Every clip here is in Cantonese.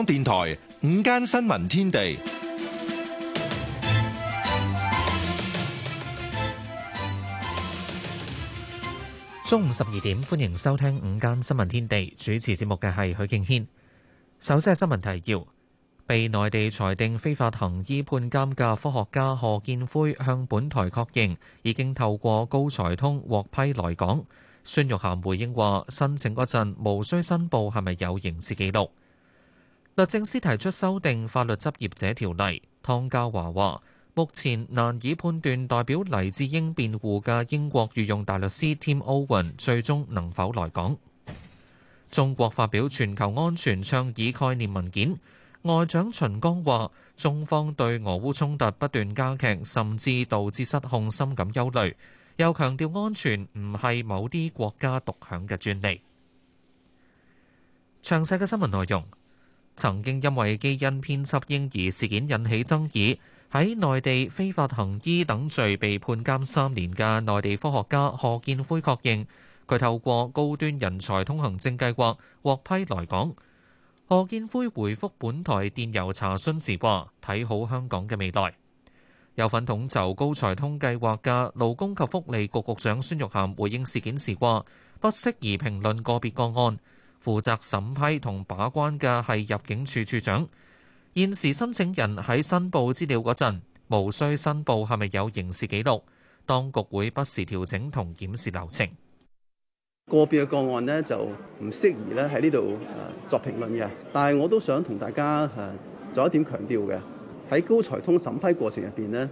港電台午間新聞天地，中午十二點歡迎收聽午間新聞天地。主持節目嘅係許敬軒。首先係新聞提要：被內地裁定非法行醫判監嘅科學家賀建奎向本台確認已經透過高才通獲批來港。孫玉菡回應話，申請嗰陣無需申報係咪有刑事記錄。律政司提出修訂法律執業者條例。湯家驊話：目前難以判斷代表黎智英辯護嘅英國御用大律師 Tim Owen 最終能否來港。中國發表全球安全倡議概念文件，外長秦剛話：中方對俄烏衝突不斷加劇，甚至導致失控，深感憂慮，又強調安全唔係某啲國家獨享嘅專利。詳細嘅新聞內容。曾經因為基因編輯嬰兒事件引起爭議，喺內地非法行醫等罪被判監三年嘅內地科學家賀建奎確認，佢透過高端人才通行證計劃獲批來港。賀建奎回覆本台電郵查詢時話：睇好香港嘅未來。有份統籌高才通計劃嘅勞工及福利局局長孫玉菡回應事件時話：不適宜評論個別個案。負責審批同把關嘅係入境處處長。現時申請人喺申報資料嗰陣，無需申報係咪有刑事記錄。當局會不時調整同檢視流程。個別嘅個案呢，就唔適宜咧喺呢度作評論嘅。但係我都想同大家吓做一點強調嘅。喺高才通審批過程入邊咧，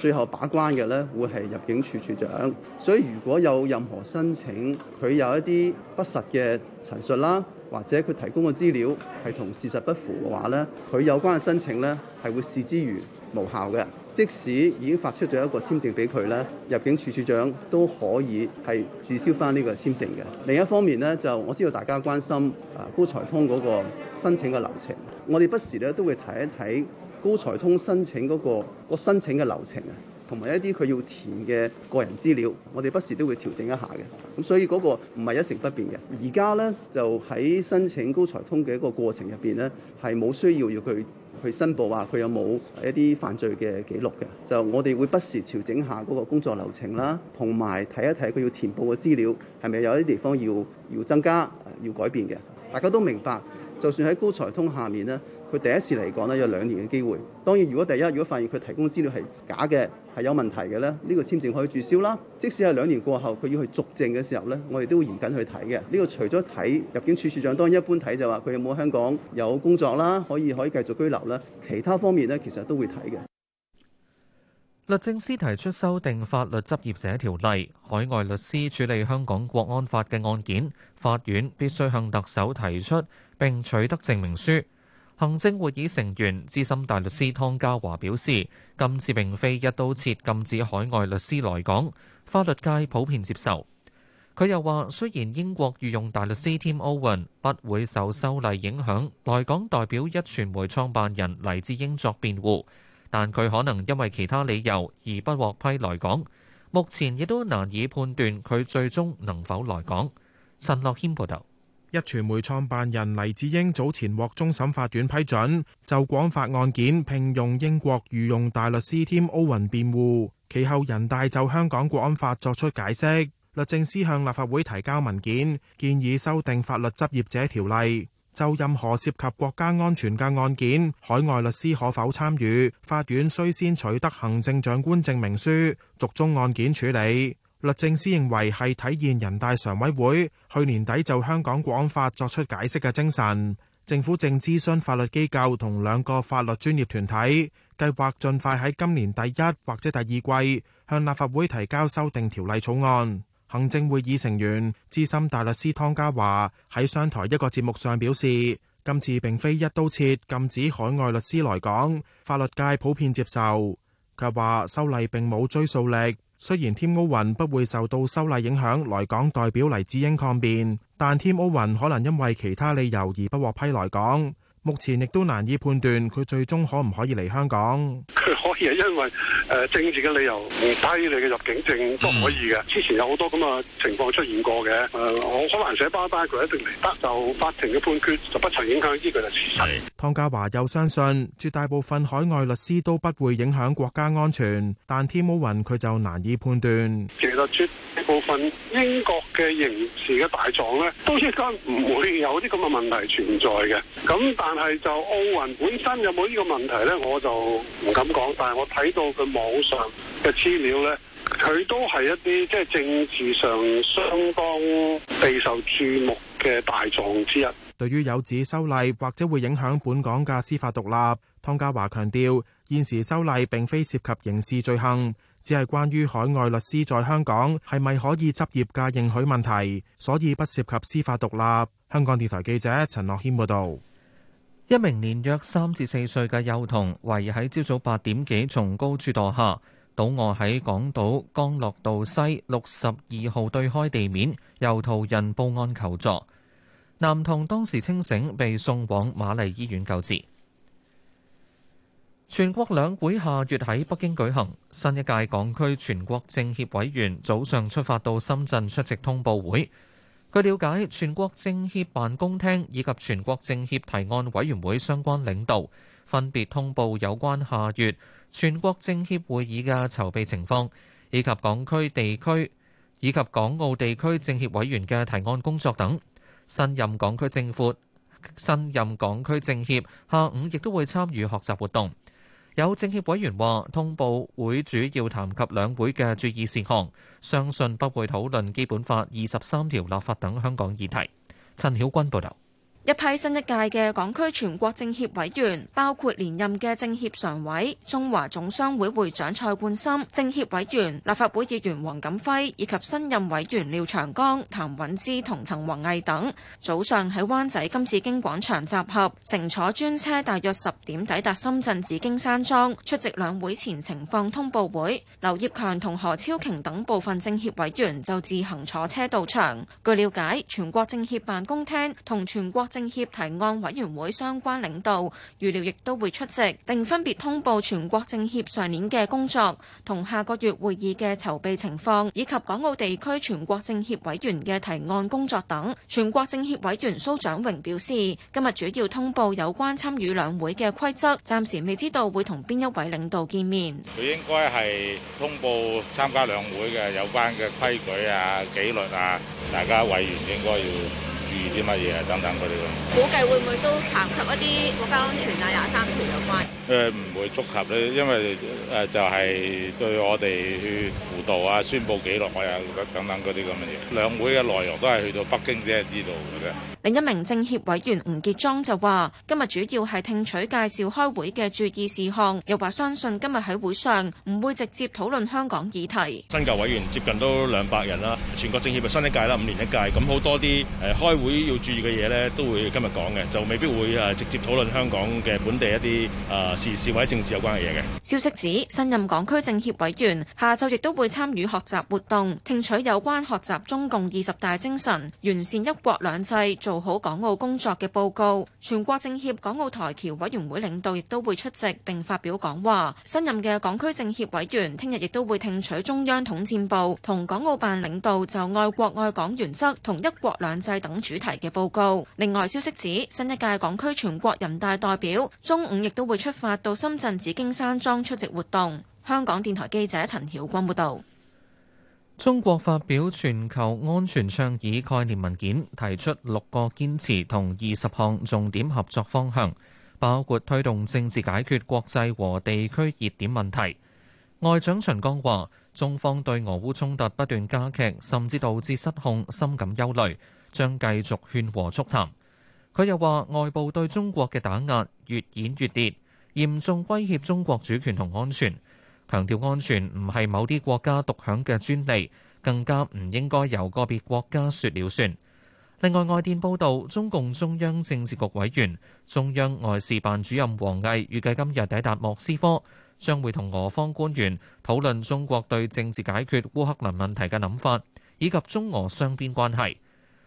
最後把關嘅咧會係入境處處長，所以如果有任何申請，佢有一啲不實嘅陳述啦，或者佢提供嘅資料係同事實不符嘅話咧，佢有關嘅申請咧係會視之如無效嘅。即使已經發出咗一個簽證俾佢咧，入境處處長都可以係注銷翻呢個簽證嘅。另一方面咧，就我知道大家關心啊高才通嗰個申請嘅流程，我哋不時咧都會睇一睇。高才通申請嗰個個申請嘅流程啊，同埋一啲佢要填嘅個人資料，我哋不時都會調整一下嘅。咁所以嗰個唔係一成不變嘅。而家咧就喺申請高才通嘅一個過程入邊咧，係冇需要要佢去申報話，佢有冇一啲犯罪嘅記錄嘅。就我哋會不時調整下嗰個工作流程啦，同埋睇一睇佢要填報嘅資料係咪有啲地方要要增加、要改變嘅。大家都明白，就算喺高才通下面咧。佢第一次嚟講呢，有兩年嘅機會。當然，如果第一，如果發現佢提供資料係假嘅，係有問題嘅咧，呢個簽證可以註銷啦。即使係兩年過後，佢要去續證嘅時候呢，我哋都會嚴謹去睇嘅。呢個除咗睇入境處處長，當然一般睇就話佢有冇香港有工作啦，可以，可以繼續居留啦。其他方面呢，其實都會睇嘅。律政司提出修訂法律執業者條例，海外律師處理香港國安法嘅案件，法院必須向特首提出並取得證明書。行政會議成員資深大律師湯家驊表示，今次並非一刀切禁止海外律師來港，法律界普遍接受。佢又話，雖然英國御用大律師 Tim Owen 不會受修例影響來港代表壹傳媒創辦人黎智英作辯護，但佢可能因為其他理由而不獲批來港，目前亦都難以判斷佢最終能否來港。陳樂軒報導。一傳媒創辦人黎智英早前獲終審法院批准，就《國安法》案件聘用英國御用大律師添歐雲辯護。其後，人大就香港《國安法》作出解釋，律政司向立法會提交文件，建議修訂《法律執業者條例》，就任何涉及國家安全嘅案件，海外律師可否參與，法院需先取得行政長官證明書，逐宗案件處理。律政司認為係體現人大常委會去年底就香港國安法作出解釋嘅精神。政府正諮詢法律機構同兩個法律專業團體，計劃盡快喺今年第一或者第二季向立法會提交修訂條例草案。行政會議成員、資深大律師湯家驊喺商台一個節目上表示，今次並非一刀切禁止海外律師來港，法律界普遍接受。佢話修例並冇追溯力。雖然添歐云不會受到修例影響來港代表黎智英抗辯，但添歐云可能因為其他理由而不獲批來港。目前亦都難以判斷佢最終可唔可以嚟香港。佢可以，因為誒政治嘅理由唔批你嘅入境證都可以嘅。嗯、之前有好多咁嘅情況出現過嘅。誒、呃，我可能寫包單，但佢一定嚟得。就法庭嘅判決就不曾影響呢個事實。是湯家驊又相信絕大部分海外律師都不會影響國家安全，但天母云佢就難以判斷。其實絕大部分英國嘅刑事嘅大狀咧，都應該唔會有啲咁嘅問題存在嘅。咁但但係就奧運本身有冇呢個問題咧，我就唔敢講，但係我睇到佢網上嘅資料咧，佢都係一啲即係政治上相當備受注目嘅大狀之一。對於有指修例或者會影響本港嘅司法獨立，湯家驊強調，現時修例並非涉及刑事罪行，只係關於海外律師在香港係咪可以執業嘅認許問題，所以不涉及司法獨立。香港電台記者陳樂謙報道。一名年約三至四歲嘅幼童懷疑喺朝早八點幾從高處墮下，倒卧喺港島江樂道西六十二號對開地面，由途人報案求助。男童當時清醒，被送往瑪麗醫院救治。全國兩會下月喺北京舉行，新一屆港區全國政協委員早上出發到深圳出席通報會。據了解，全國政協辦公廳以及全國政協提案委員會相關領導分別通報有關下月全國政協會議嘅籌備情況，以及港區地區以及港澳地區政協委員嘅提案工作等。新任港區政府、新任港區政協下午亦都會參與學習活動。有政協委員話，通報會主要談及兩會嘅注意事項，相信不會討論基本法二十三條立法等香港議題。陳曉君報導。一批新一屆嘅港區全國政協委員，包括連任嘅政協常委、中華總商會會長蔡冠深、政協委員、立法會議員黃錦輝以及新任委員廖長江、譚允芝同陳弘毅等，早上喺灣仔金紫荊廣場集合，乘坐專車，大約十點抵達深圳紫荊山莊出席兩會前情況通報會。劉業強同何超瓊等部分政協委員就自行坐車到場。據了解，全國政協辦公廳同全國政政協提案委員會相關領導預料亦都會出席，並分別通報全國政協上年嘅工作同下個月會議嘅籌備情況，以及港澳地區全國政協委員嘅提案工作等。全國政協委員蘇長榮表示，今日主要通報有關參與兩會嘅規則，暫時未知道會同邊一位領導見面。佢應該係通報參加兩會嘅有關嘅規矩啊、紀律啊，大家委員應該要。啲乜嘢啊？等等嗰啲咯，估計會唔會都談及一啲國家安全啊、廿三條有關，誒、呃，唔會觸及咧，因為誒、呃、就係、是、對我哋去輔導啊、宣布紀錄啊等等嗰啲咁嘅嘢。兩會嘅內容都係去到北京先係知道嘅啫。另一名政協委員吳傑莊就話今日主要係聽取介紹開會嘅注意事項，又話相信今日喺會上唔會直接討論香港議題，新舊委員接近都兩百人啦，全國政協係新一屆啦，五年一屆，咁好多啲誒開會要注意嘅嘢咧，都會今日講嘅，就未必會誒直接討論香港嘅本地一啲誒、呃、時事或者政治有關嘅嘢嘅。消息指新任港區政協委員下晝亦都會參與學習活動，聽取有關學習中共二十大精神、完善一國兩制。做好港澳工作嘅報告，全國政協港澳台僑委員會領導亦都會出席並發表講話。新任嘅港區政協委員聽日亦都會聽取中央統戰部同港澳辦領導就愛國愛港原則同一國兩制等主題嘅報告。另外消息指，新一屆港區全國人大代表中午亦都會出發到深圳紫荊山莊出席活動。香港電台記者陳曉光報道。中國發表全球安全倡議概念文件，提出六個堅持同二十項重點合作方向，包括推動政治解決國際和地區熱點問題。外長秦剛話：中方對俄烏衝突不斷加劇，甚至導致失控，深感憂慮，將繼續勸和促談。佢又話：外部對中國嘅打壓越演越烈，嚴重威脅中國主權同安全。強調安全唔係某啲國家獨享嘅專利，更加唔應該由個別國家説了算。另外，外電報道，中共中央政治局委員、中央外事辦主任王毅預計今日抵達莫斯科，將會同俄方官員討論中國對政治解決烏克蘭問題嘅諗法，以及中俄雙邊關係。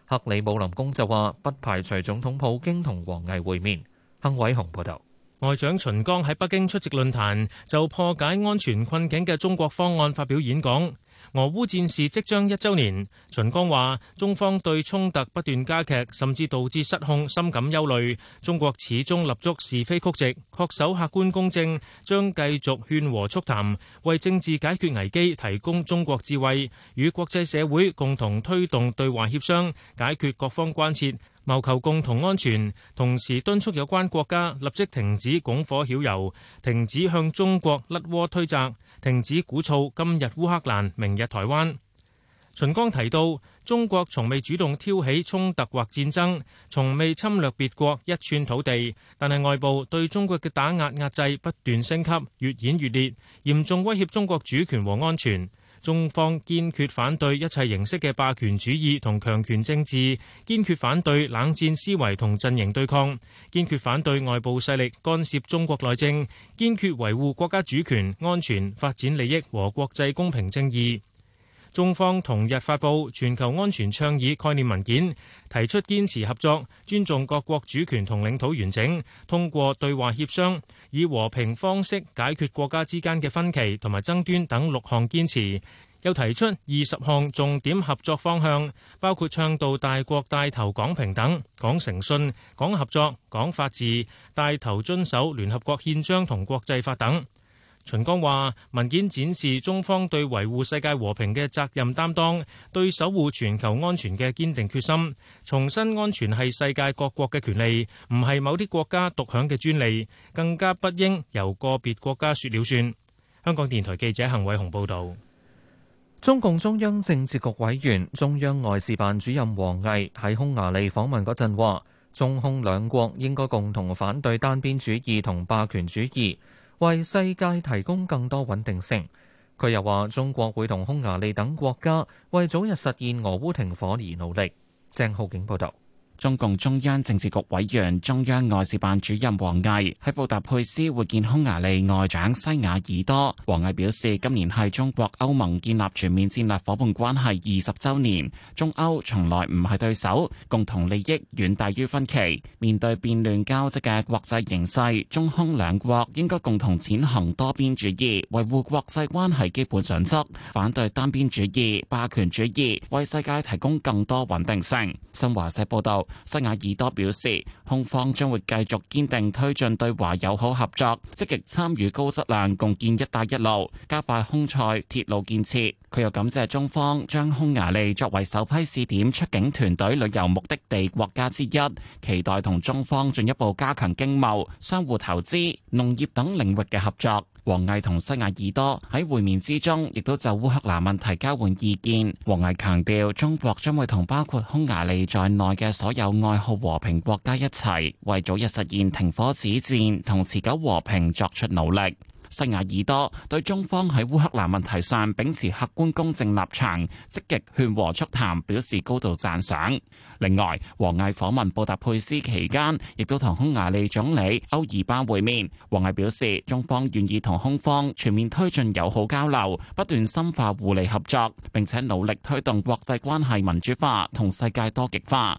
克里姆林宮就話，不排除總統普京同王毅會面。鄔偉雄報導。外長秦剛喺北京出席論壇，就破解安全困境嘅中國方案發表演講。俄烏戰事即將一週年，秦剛話：中方對衝突不斷加劇，甚至導致失控，深感憂慮。中國始終立足是非曲直，恪守客觀公正，將繼續勸和促談，為政治解決危機提供中國智慧，與國際社會共同推動對話協商，解決各方關切。謀求共同安全，同時敦促有關國家立即停止拱火澆油，停止向中國甩鍋推責，停止鼓噪今日烏克蘭、明日台灣。秦剛提到，中國從未主動挑起衝突或戰爭，從未侵略別國一寸土地，但係外部對中國嘅打壓壓制不斷升級，越演越烈，嚴重威脅中國主權和安全。中方堅決反對一切形式嘅霸權主義同強權政治，堅決反對冷戰思維同陣營對抗，堅決反對外部勢力干涉中國內政，堅決維護國家主權、安全、發展利益和國際公平正義。中方同日發布《全球安全倡議》概念文件，提出堅持合作、尊重各國主權同領土完整、通過對話協商、以和平方式解決國家之間嘅分歧同埋爭端等六項堅持，又提出二十項重點合作方向，包括倡導大國帶頭講平等、講誠信、講合作、講法治，帶頭遵守聯合國憲章同國際法等。秦剛話：文件展示中方對維護世界和平嘅責任擔當，對守護全球安全嘅堅定決心。重申安全係世界各國嘅權利，唔係某啲國家獨享嘅專利，更加不應由個別國家說了算。香港電台記者陳偉雄報道。中共中央政治局委員、中央外事辦主任王毅喺匈牙利訪問嗰陣話：中匈兩國應該共同反對單邊主義同霸權主義。為世界提供更多穩定性。佢又話，中國會同匈牙利等國家為早日實現俄烏停火而努力。鄭浩景報道。中共中央政治局委員、中央外事辦主任王毅喺布達佩斯會見匈牙利外長西雅爾多。王毅表示，今年係中國歐盟建立全面戰略伙伴關係二十周年，中歐從來唔係對手，共同利益遠大於分歧。面對變亂交織嘅國際形勢，中匈兩國應該共同踐行多邊主義，維護國際關係基本準則，反對單邊主義、霸權主義，為世界提供更多穩定性。新華社報道。西雅爾多表示，匈方將會繼續堅定推進對華友好合作，積極參與高質量共建“一帶一路”，加快匈塞鐵路建設。佢又感謝中方將匈牙利作為首批試點出境團隊旅遊目的地國家之一，期待同中方進一步加強經貿、相互投資、農業等領域嘅合作。王毅同西亞爾多喺會面之中，亦都就烏克蘭問題交換意見。王毅強調，中國將會同包括匈牙利在內嘅所有愛好和平國家一齊，為早日實現停火止戰同持久和平作出努力。西亞爾多對中方喺烏克蘭問題上秉持客觀公正立場、積極勸和促談表示高度讚賞。另外，王毅訪問布達佩斯期間，亦都同匈牙利總理歐爾班會面。王毅表示，中方願意同匈方全面推進友好交流，不斷深化互利合作，並且努力推動國際關係民主化同世界多極化。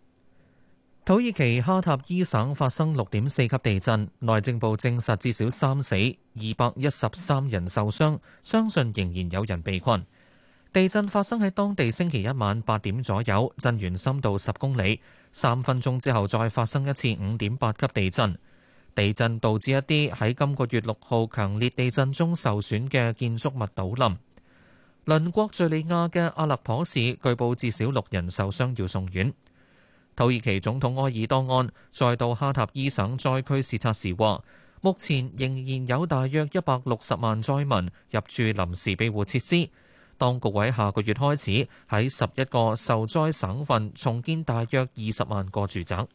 土耳其哈塔伊省發生六點四級地震，內政部證實至少三死，二百一十三人受傷，相信仍然有人被困。地震發生喺當地星期一晚八點左右，震源深度十公里。三分鐘之後再發生一次五點八級地震。地震導致一啲喺今個月六號強烈地震中受損嘅建築物倒冧。鄰國敘利亞嘅阿勒頗市，據報至少六人受傷要送院。土耳其總統埃爾多安再到哈塔伊省災區視察時話，目前仍然有大約一百六十萬災民入住臨時庇護設施。當局會喺下個月開始喺十一個受災省份重建大約二十萬個住宅。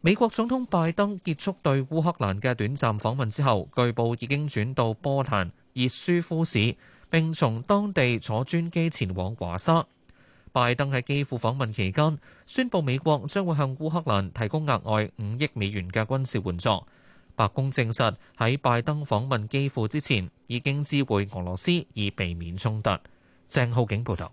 美國總統拜登結束對烏克蘭嘅短暫訪問之後，據報已經轉到波蘭熱舒夫市，並從當地坐專機前往華沙。拜登喺基輔訪問期間，宣布美國將會向烏克蘭提供額外五億美元嘅軍事援助。白宮證實喺拜登訪問基輔之前，已經知會俄羅斯以避免衝突。鄭浩景報導。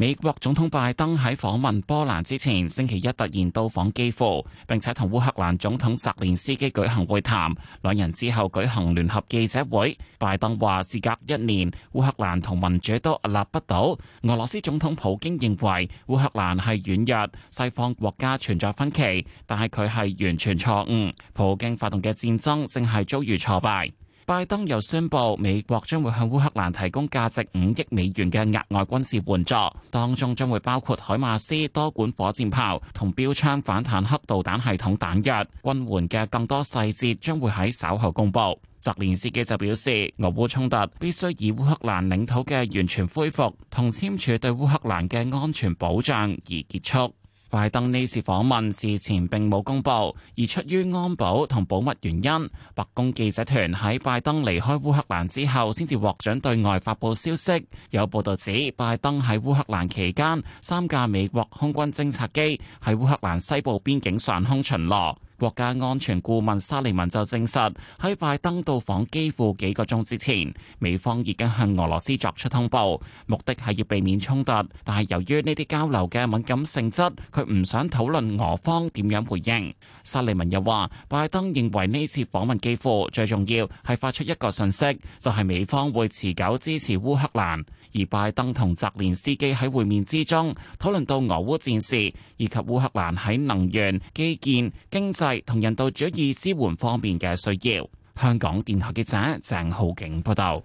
美國總統拜登喺訪問波蘭之前，星期一突然到訪基輔，並且同烏克蘭總統澤連斯基舉行會談，兩人之後舉行聯合記者會。拜登話：事隔一年，烏克蘭同民主都屹立不倒。俄羅斯總統普京認為烏克蘭係軟弱，西方國家存在分歧，但係佢係完全錯誤。普京發動嘅戰爭正係遭遇挫敗。拜登又宣布，美國將會向烏克蘭提供價值五億美元嘅額外軍事援助，當中將會包括海馬斯多管火箭炮同標槍反坦克導彈系統彈藥。軍援嘅更多細節將會喺稍後公布。澤連斯基就表示，俄烏衝突必須以烏克蘭領土嘅完全恢復同簽署對烏克蘭嘅安全保障而結束。拜登呢次訪問事前並冇公布，而出於安保同保密原因，白宮記者團喺拜登離開烏克蘭之後，先至獲准對外發布消息。有報道指，拜登喺烏克蘭期間，三架美國空軍偵察機喺烏克蘭西部邊境上空巡邏。國家安全顧問沙利文就證實，喺拜登到訪基輔幾個鐘之前，美方已經向俄羅斯作出通報，目的係要避免衝突。但係由於呢啲交流嘅敏感性質，佢唔想討論俄方點樣回應。沙利文又話，拜登認為呢次訪問基輔最重要係發出一個訊息，就係美方會持久支持烏克蘭。而拜登同澤連斯基喺會面之中，討論到俄烏戰事以及烏克蘭喺能源、基建、經濟同人道主義支援方面嘅需要。香港電台記者鄭浩景報道。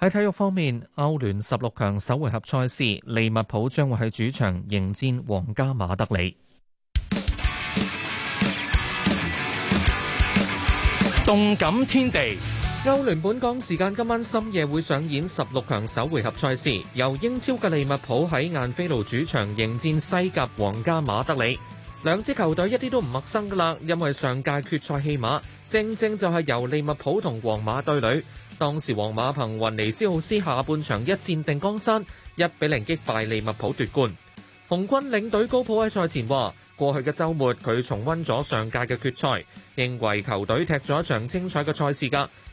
喺體育方面，歐聯十六強首回合賽事，利物浦將會喺主場迎戰皇家馬德里。動感天地。歐聯本港時間今晚深夜會上演十六強首回合賽事，由英超嘅利物浦喺晏菲路主場迎戰西甲皇家馬德里。兩支球隊一啲都唔陌生噶啦，因為上屆決賽戲碼正正就係由利物浦同皇馬對壘。當時皇馬憑雲尼斯奧斯下半場一戰定江山，一比零擊敗利物浦奪冠。紅軍領隊高普喺賽前話：過去嘅周末佢重温咗上屆嘅決賽，認為球隊踢咗一場精彩嘅賽事噶。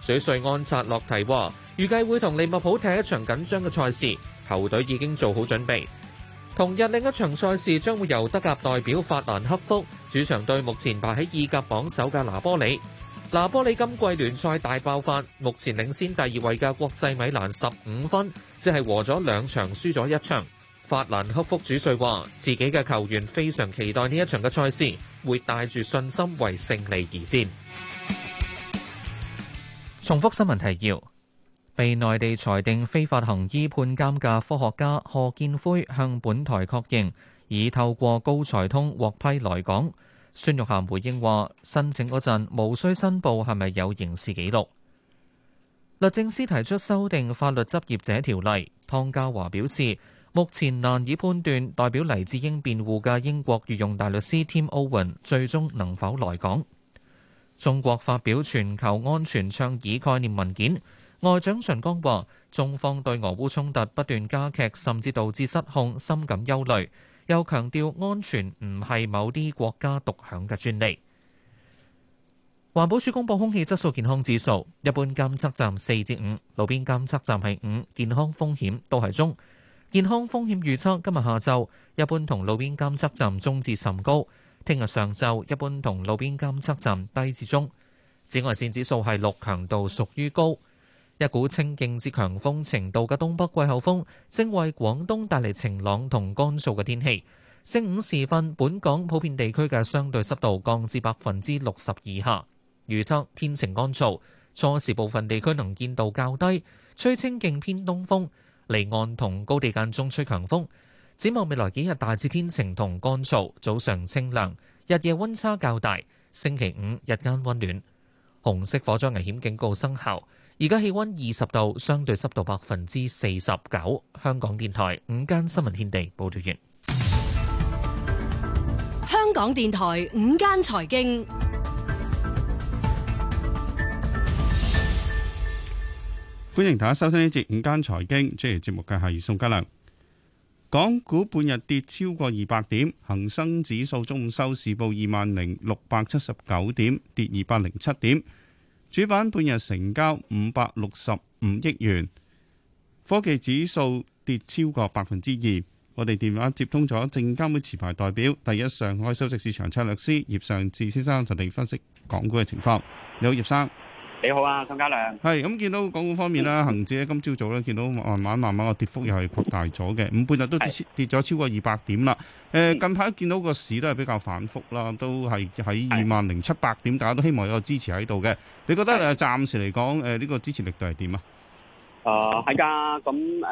水帥安扎洛提話：預計會同利物浦踢一場緊張嘅賽事，球隊已經做好準備。同日另一場賽事將會由德甲代表法蘭克福主場對目前排喺意甲榜首嘅拿波里。拿波里今季聯賽大爆發，目前領先第二位嘅國際米蘭十五分，只係和咗兩場，輸咗一場。法蘭克福主帥話：自己嘅球員非常期待呢一場嘅賽事，會帶住信心為勝利而戰。重複新聞提要：被內地裁定非法行醫判監嘅科學家賀建奎向本台確認，已透過高才通獲批來港。孫玉菡回應話，申請嗰陣無需申報係咪有刑事記錄。律政司提出修訂法律執業者條例，湯家驊表示，目前難以判斷代表黎智英辯護嘅英國御用大律師 Tim Owen 最終能否來港。中國發表全球安全倡議概念文件，外長秦剛話中方對俄烏衝突不斷加劇甚至導致失控深感憂慮，又強調安全唔係某啲國家獨享嘅專利。環保署公布空氣質素健康指數，一般監測站四至五，5, 路邊監測站係五，健康風險都係中，健康風險預測今日下晝一般同路邊監測站中至甚高。聽日上晝一般同路邊監測站低至中，紫外線指數係六，強度屬於高。一股清勁至強風程度嘅東北季候風正為廣東帶嚟晴朗同乾燥嘅天氣。正午時分，本港普遍地區嘅相對濕度降至百分之六十以下，預測天晴乾燥。初時部分地區能見度較低，吹清勁偏東風，離岸同高地間中吹強風。展望未來幾日，大致天晴同乾燥，早上清涼，日夜溫差較大。星期五日間溫暖。紅色火災危險警告生效，而家氣溫二十度，相對濕度百分之四十九。香港電台午間新聞天地，報道完。香港電台午間財經，歡迎大家收聽呢節午間財經，主持節目嘅係宋家良。港股半日跌超過二百點，恒生指數中午收市報二萬零六百七十九點，跌二百零七點。主板半日成交五百六十五億元，科技指數跌超過百分之二。我哋電話接通咗證監會持牌代表，第一上海首席市場策略師葉尚志先生同你分析港股嘅情況。你好，葉生。你好啊，宋嘉良。係咁，見到港股方面啦，恒指今朝早咧，見到慢慢、慢慢個跌幅又係擴大咗嘅，咁半日都跌跌咗超過二百點啦。誒，近排見到個市都係比較反覆啦，都係喺二萬零七百點，大家都希望有個支持喺度嘅。你覺得暫時嚟講，誒，呢個支持力度係點啊？誒，係噶，咁誒，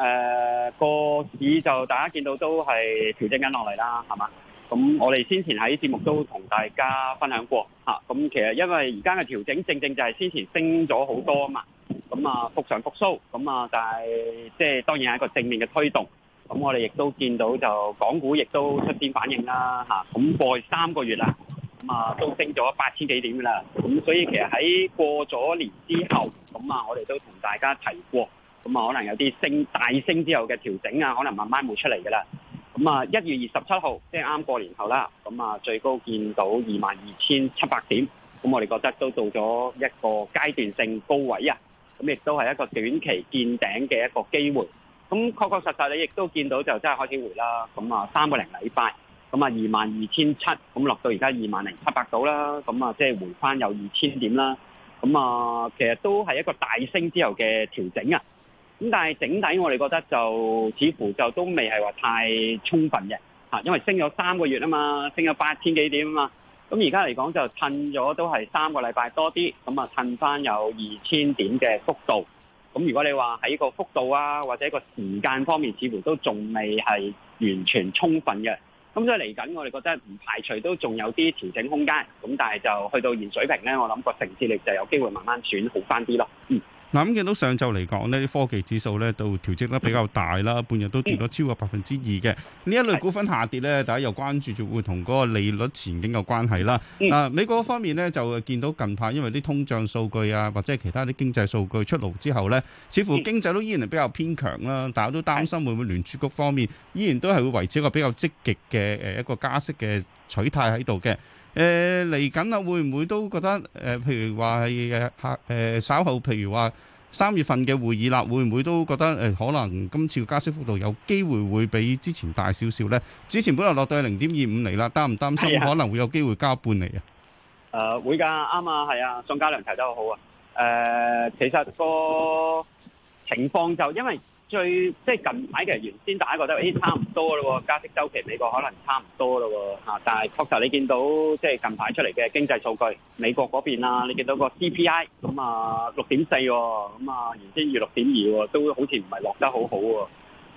個市就大家見到都係調整緊落嚟啦，係嘛？咁我哋先前喺節目都同大家分享過吓，咁、啊、其實因為而家嘅調整正正，正就係先前升咗好多啊嘛，咁啊復常復蘇，咁啊但係即係當然係一個正面嘅推動，咁、啊、我哋亦都見到就港股亦都出現反應啦吓，咁、啊、過去三個月啦，咁啊都升咗八千幾點噶啦，咁、啊、所以其實喺過咗年之後，咁啊我哋都同大家提過，咁啊可能有啲升，大升之後嘅調整啊，可能慢慢冇出嚟噶啦。咁啊，一月二十七號，即係啱過年後啦。咁啊，最高見到二萬二千七百點。咁我哋覺得都到咗一個階段性高位啊。咁亦都係一個短期見頂嘅一個機會。咁確確實實，你亦都見到就真係開始回啦。咁啊，三個零禮拜，咁啊，二萬二千七，咁落到而家二萬零七百度啦。咁啊，即係回翻有二千點啦。咁啊，其實都係一個大升之後嘅調整啊。咁但係整體我哋覺得就似乎就都未係話太充分嘅嚇，因為升咗三個月啊嘛，升咗八千幾點啊嘛，咁而家嚟講就褪咗都係三個禮拜多啲，咁啊褪翻有二千點嘅幅度，咁如果你話喺個幅度啊或者個時間方面，似乎都仲未係完全充分嘅，咁所以嚟緊我哋覺得唔排除都仲有啲調整空間，咁但係就去到現水平咧，我諗個承接力就有機會慢慢轉好翻啲咯，嗯。嗱，咁見到上晝嚟講呢啲科技指數咧都調整得比較大啦，嗯、半日都跌咗超過百分之二嘅。呢、嗯、一類股份下跌呢，大家又關注住會同嗰個利率前景有關係啦。啊、嗯，美國方面呢，就見到近排因為啲通脹數據啊，或者係其他啲經濟數據出爐之後呢，似乎經濟都依然係比較偏強啦。大家都擔心會唔會聯儲局方面依然都係會維持一個比較積極嘅誒一個加息嘅取態喺度嘅。誒，嚟緊啊，會唔會都覺得誒、呃，譬如話係誒，客誒、呃，稍後譬如話三月份嘅會議啦，會唔會都覺得誒、呃，可能今次加息幅度有機會會比之前大少少咧？之前本來落到係零點二五嚟啦，擔唔擔心可能會有機會加半厘、呃、啊？誒，會噶啱啊，係啊，宋嘉良提得好好啊。誒、呃，其實個情況就因為。最即係近排其實原先大家覺得，咦、哎，差唔多咯喎，加息周期美國可能差唔多咯喎、啊、但係確實你見到即係近排出嚟嘅經濟數據，美國嗰邊啊，你見到個 CPI 咁、嗯、啊六點四喎，咁啊、哦嗯、原先預六點二喎，都好似唔係落得好好、哦、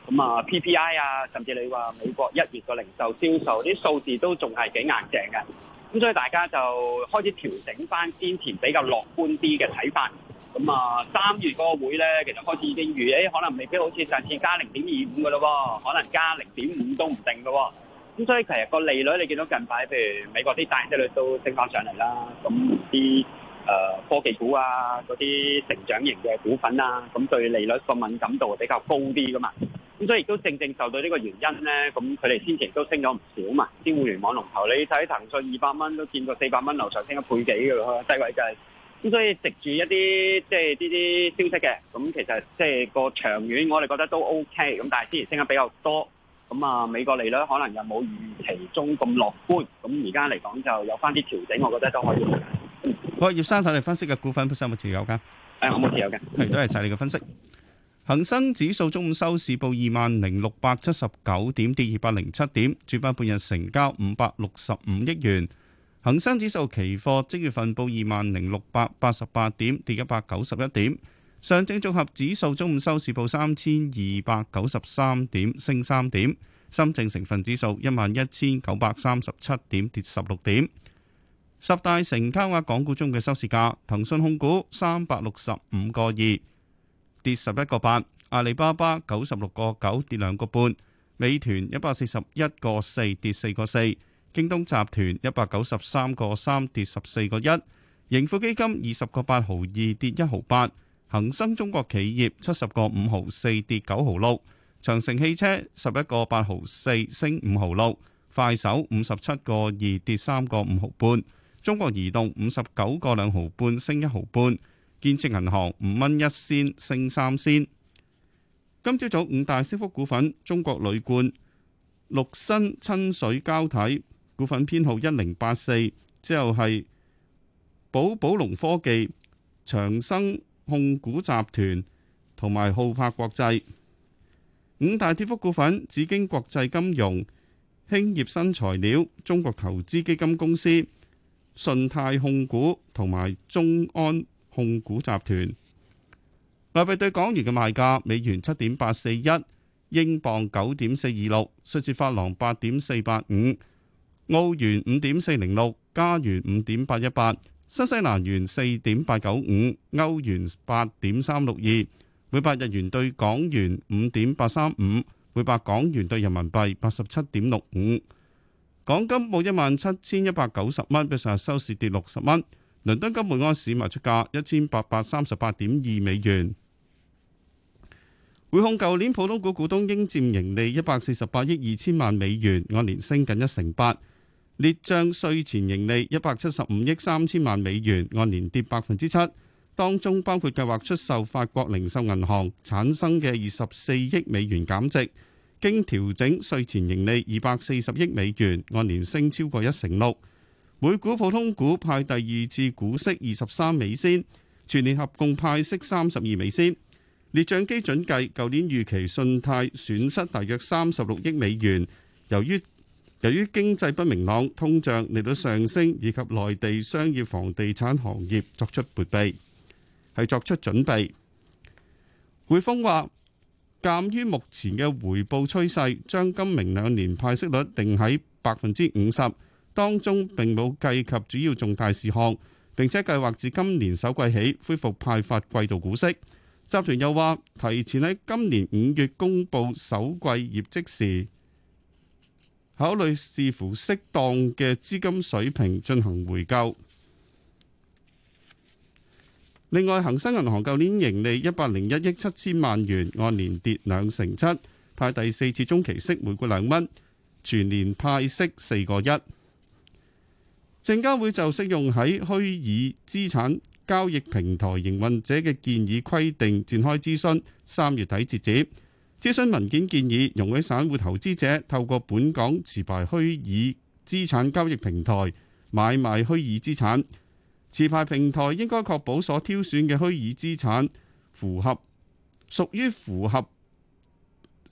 喎，咁、嗯、啊、嗯、PPI 啊，甚至你話美國一月個零售銷售啲數字都仲係幾硬淨嘅，咁所以大家就開始調整翻先前比較樂觀啲嘅睇法。咁啊，三月嗰個會咧，其實開始已經預期、欸，可能未必好似上次加零點二五嘅咯喎，可能加零點五都唔定嘅喎、啊。咁所以其實個利率你見到近排，譬如美國啲大息率都升翻上嚟啦。咁啲誒科技股啊，嗰啲成長型嘅股份啊，咁對利率個敏感度比較高啲嘅嘛。咁所以亦都正正受到呢個原因咧，咁佢哋先前期都升咗唔少嘛。啲互聯網龍頭，你睇騰訊二百蚊都見過四百蚊樓上升一倍幾嘅咯，低位就係。咁所以藉住一啲即係呢啲消息嘅，咁其實即係個長遠我哋覺得都 OK，咁但係之前升得比較多，咁啊美國利率可能又冇預期中咁樂觀，咁而家嚟講就有翻啲調整，我覺得都可以。好，葉生睇嚟分析嘅股份本身有冇持有噶？誒、哎，我冇持有嘅。係，多謝晒你嘅分析。恒生指數中午收市報二萬零六百七十九點，跌二百零七點，主板半日成交五百六十五億元。恒生指數期貨即月份報二萬零六百八十八點，跌一百九十一點。上證綜合指數中午收市報三千二百九十三點，升三點。深證成分指數一萬一千九百三十七點，跌十六點。十大成交額港股中嘅收市價：騰訊控股三百六十五個二，跌十一個八；阿里巴巴九十六個九，跌兩個半；美團一百四十一個四，跌四個四。京東集團一百九十三個三，跌十四個一，盈富基金二十個八毫二，跌一毫八，恒生中國企業七十個五毫四，跌九毫六，長城汽車十一個八毫四，升五毫六，快手五十七個二，跌三個五毫半，中國移動五十九個兩毫半，升一毫半，建設銀行五蚊一仙，升三仙。今朝早五大升幅股份：中國旅冠、六新、親水膠體。股份編號一零八四，之後係寶寶龍科技、長生控股集團同埋浩柏國際。五大跌幅股份：紫荊國際金融、興業新材料、中國投資基金公司、順泰控股同埋中安控股集團。外幣對港元嘅賣價：美元七點八四一，英鎊九點四二六，瑞士法郎八點四八五。澳元五點四零六，加元五點八一八，新西蘭元四點八九五，歐元八點三六二，每百日元兌港元五點八三五，每百港元兌人民幣八十七點六五。港金報一萬七千一百九十蚊，比上日收市跌六十蚊。倫敦金每安市賣出價一千八百三十八點二美元。匯控舊年普通股股東應占盈利一百四十八億二千萬美元，按年升近一成八。列帳稅前盈利一百七十五億三千萬美元，按年跌百分之七。當中包括計劃出售法國零售銀行產生嘅二十四億美元減值，經調整稅前盈利二百四十億美元，按年升超過一成六。每股普通股派第二次股息二十三美仙，全年合共派息三十二美仙。列帳，基準計，舊年預期信貸損失大約三十六億美元，由於。由於經濟不明朗、通脹利率上升，以及內地商業房地產行業作出撥備，係作出準備。匯豐話，鑑於目前嘅回報趨勢，將今明兩年派息率定喺百分之五十，當中並冇計及主要重大事項，並且計劃自今年首季起恢復派發季度股息。集團又話，提前喺今年五月公布首季業績時，考慮視乎適當嘅資金水平進行回購。另外，恒生銀行舊年盈利一百零一億七千萬元，按年跌兩成七，派第四次中期息每股兩蚊，全年派息四個一。證監會就適用喺虛擬資產交易平台營運者嘅建議規定，展開諮詢，三月底截止。諮詢文件建議容許散戶投資者透過本港持牌虛擬資產交易平台買賣虛擬資產，持牌平台應該確保所挑選嘅虛擬資產符合屬於符合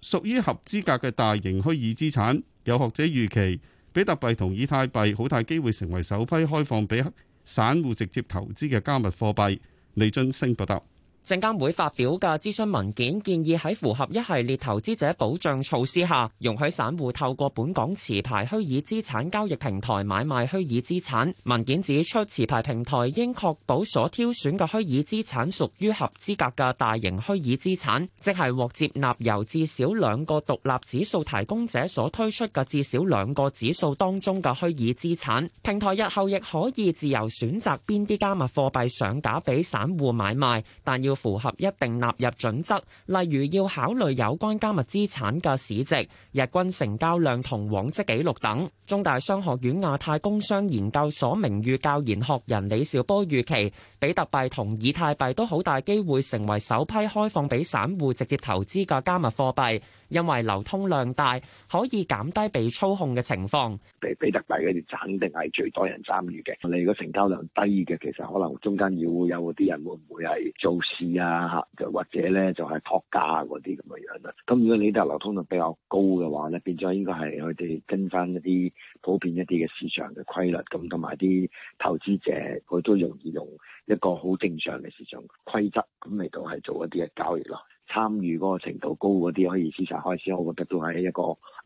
屬於合資格嘅大型虛擬資產。有學者預期，比特幣同以太幣好大機會成為首批開放俾散戶直接投資嘅加密貨幣。李津升報道。證監會發表嘅諮詢文件建議喺符合一系列投資者保障措施下，容許散戶透過本港持牌虛擬資產交易平台買賣虛擬資產。文件指出，持牌平台應確保所挑選嘅虛擬資產屬於合資格嘅大型虛擬資產，即係獲接納由至少兩個獨立指數提供者所推出嘅至少兩個指數當中嘅虛擬資產。平台日後亦可以自由選擇邊啲加密貨幣上架俾散戶買賣，但要符合一定納入準則，例如要考慮有關加密資產嘅市值、日均成交量同往績記錄等。中大商學院亞太工商研究所名譽教研學人李兆波預期，比特幣同以太幣都好大機會成為首批開放俾散戶直接投資嘅加密貨幣。因為流通量大，可以減低被操控嘅情況。比比特幣嗰啲肯定係最多人參與嘅。如果你個成交量低嘅，其實可能中間要有啲人會唔會係做事啊？嚇，或者咧就係、是、托價嗰啲咁嘅樣啦。咁如果你啲流通量比較高嘅話咧，變咗應該係佢哋跟翻一啲普遍一啲嘅市場嘅規律，咁同埋啲投資者佢都容易用一個好正常嘅市場規則，咁嚟到係做一啲嘅交易咯。參與嗰個程度高嗰啲可以資產開始，我覺得都係一個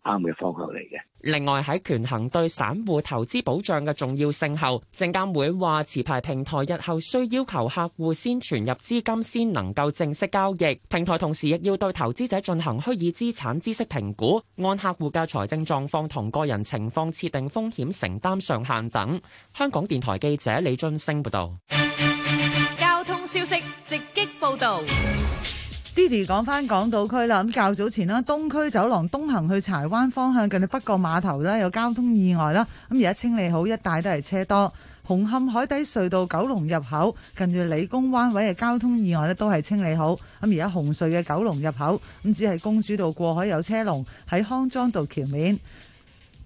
啱嘅方向嚟嘅。另外喺權衡對散戶投資保障嘅重要性後，證監會話持牌平台日後需要求客戶先存入資金先能夠正式交易，平台同時亦要對投資者進行虛擬資產知識評估，按客戶嘅財政狀況同個人情況設定風險承擔上限等。香港電台記者李津星報道。交通消息直擊報導。Diddy 講翻港島區啦，咁較早前啦，東區走廊東行去柴灣方向近住北角碼頭咧，有交通意外啦，咁而家清理好一帶都係車多。紅磡海底隧道九龍入口近住理工灣位嘅交通意外咧，都係清理好，咁而家紅隧嘅九龍入口，咁只係公主道過海有車龍，喺康莊道橋面。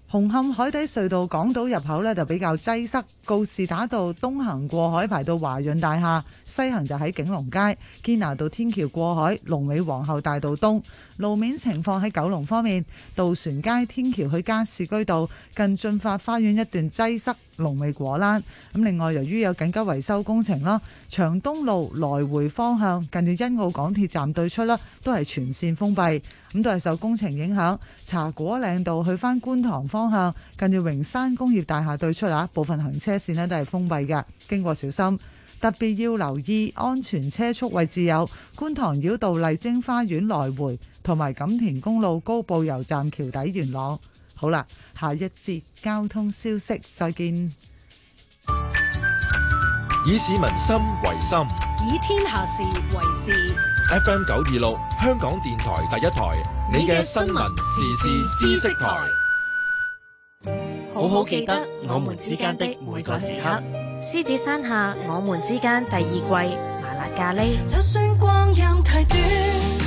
紅磡海底隧道港島入口呢，就比較擠塞，告士打道東行過海排到華潤大廈，西行就喺景隆街、堅拿道天橋過海，龍尾皇后大道東路面情況。喺九龍方面，渡船街天橋去加士居道近駿發花園一段擠塞。龍尾果欄，咁另外由於有緊急維修工程啦，長東路來回方向近住欣澳港鐵站對出啦，都係全線封閉，咁都係受工程影響。茶果嶺道去翻觀塘方向近住榮山工業大廈對出啊，部分行車線咧都係封閉嘅，經過小心，特別要留意安全車速位置有觀塘繞道麗晶花園來回同埋錦田公路高埗油站橋底元朗。好啦，下一節交通消息，再見。以市民心為心，以天下事為事。FM 九二六，香港電台第一台，你嘅新聞時事知識台。好好記得我們之間的每個時刻。獅子山下，我們之間第二季麻辣咖喱。就算光陽太短，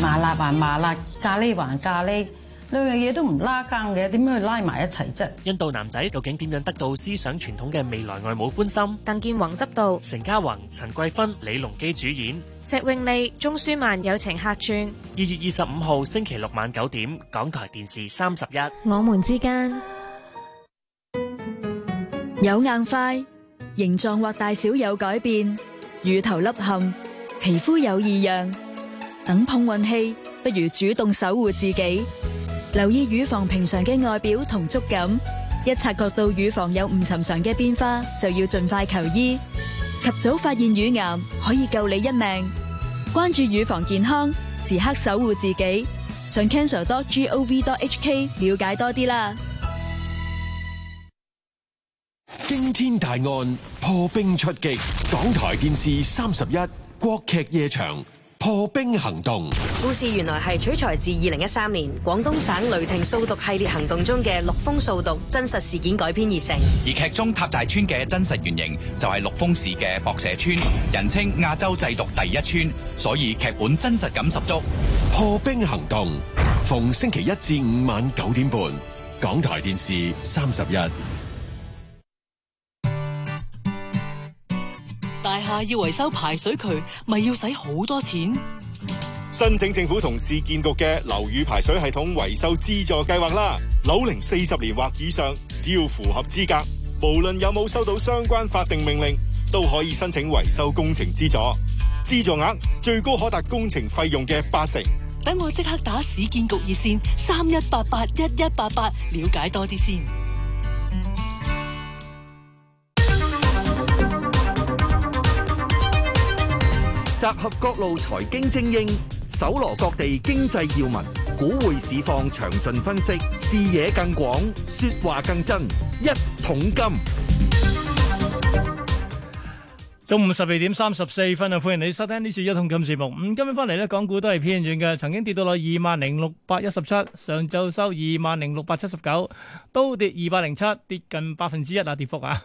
麻辣還麻辣，咖喱還咖喱。兩樣嘢都唔拉更嘅，點樣去拉埋一齊啫？印度男仔究竟點樣得到思想傳統嘅未來外母歡心？鄧健泓執導，成家宏、陳桂芬、李龍基主演，石詠莉、鐘舒漫友情客串。二月二十五號星期六晚九點，港台電視三十一。我們之間有硬塊，形狀或大小有改變，乳頭凹陷，皮膚有異樣，等碰運氣，不如主動守護自己。留意乳房平常嘅外表同觸感，一察覺到乳房有唔尋常嘅變化，就要盡快求醫，及早發現乳癌，可以救你一命。關注乳房健康，時刻守護自己，上 cancer.gov.hk 了解多啲啦。驚天大案破冰出擊，港台電視三十一，國劇夜場。破冰行動故事原來係取材自二零一三年廣東省雷霆掃毒系列行動中嘅陸豐掃毒真實事件改編而成，而劇中塔寨村嘅真實原型就係陸豐市嘅博社村，人稱亞洲製毒第一村，所以劇本真實感十足。破冰行動逢星期一至五晚九點半，港台電視三十一。要維修排水渠，咪要使好多錢？申請政府同市建局嘅樓宇排水系統維修資助計劃啦。樓齡四十年或以上，只要符合資格，無論有冇收到相關法定命令，都可以申請維修工程資助。資助額最高可達工程費用嘅八成。等我即刻打市建局熱線三一八八一一八八，了解多啲先。集合各路財經精英，搜羅各地經濟要聞，股匯市況詳盡分析，視野更廣，說話更真。一桶金，中午十二點三十四分啊！歡迎你收聽呢次一桶金節目。咁今日翻嚟咧，港股都係偏軟嘅，曾經跌到落二萬零六百一十七，上晝收二萬零六百七十九，都跌二百零七，跌近百分之一啊，跌幅啊！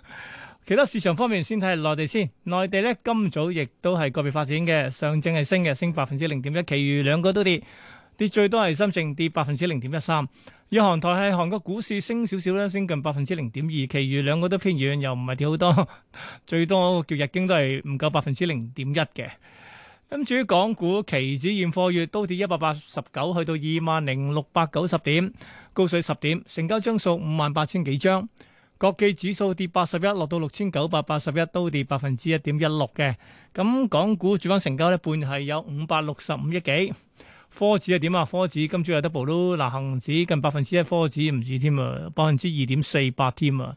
其他市場方面先睇下內地先，內地咧今早亦都係個別發展嘅，上證係升嘅，升百分之零點一，其餘兩個都跌，跌最多係深證跌百分之零點一三。與韓台係韓國股市升少少啦，升近百分之零點二，其餘兩個都偏軟，又唔係跌好多，最多叫日經都係唔夠百分之零點一嘅。咁至於港股期指現貨月都跌一百八十九，去到二萬零六百九十點，高水十點，成交張數五萬八千幾張。國企指數跌八十一，落到六千九百八十一，都跌百分之一點一六嘅。咁港股主板成交一半係有五百六十五億幾。科指係點啊？科指今朝又 double 都嗱，恒指近百分之一，科指唔止添啊，百分之二點四八添啊。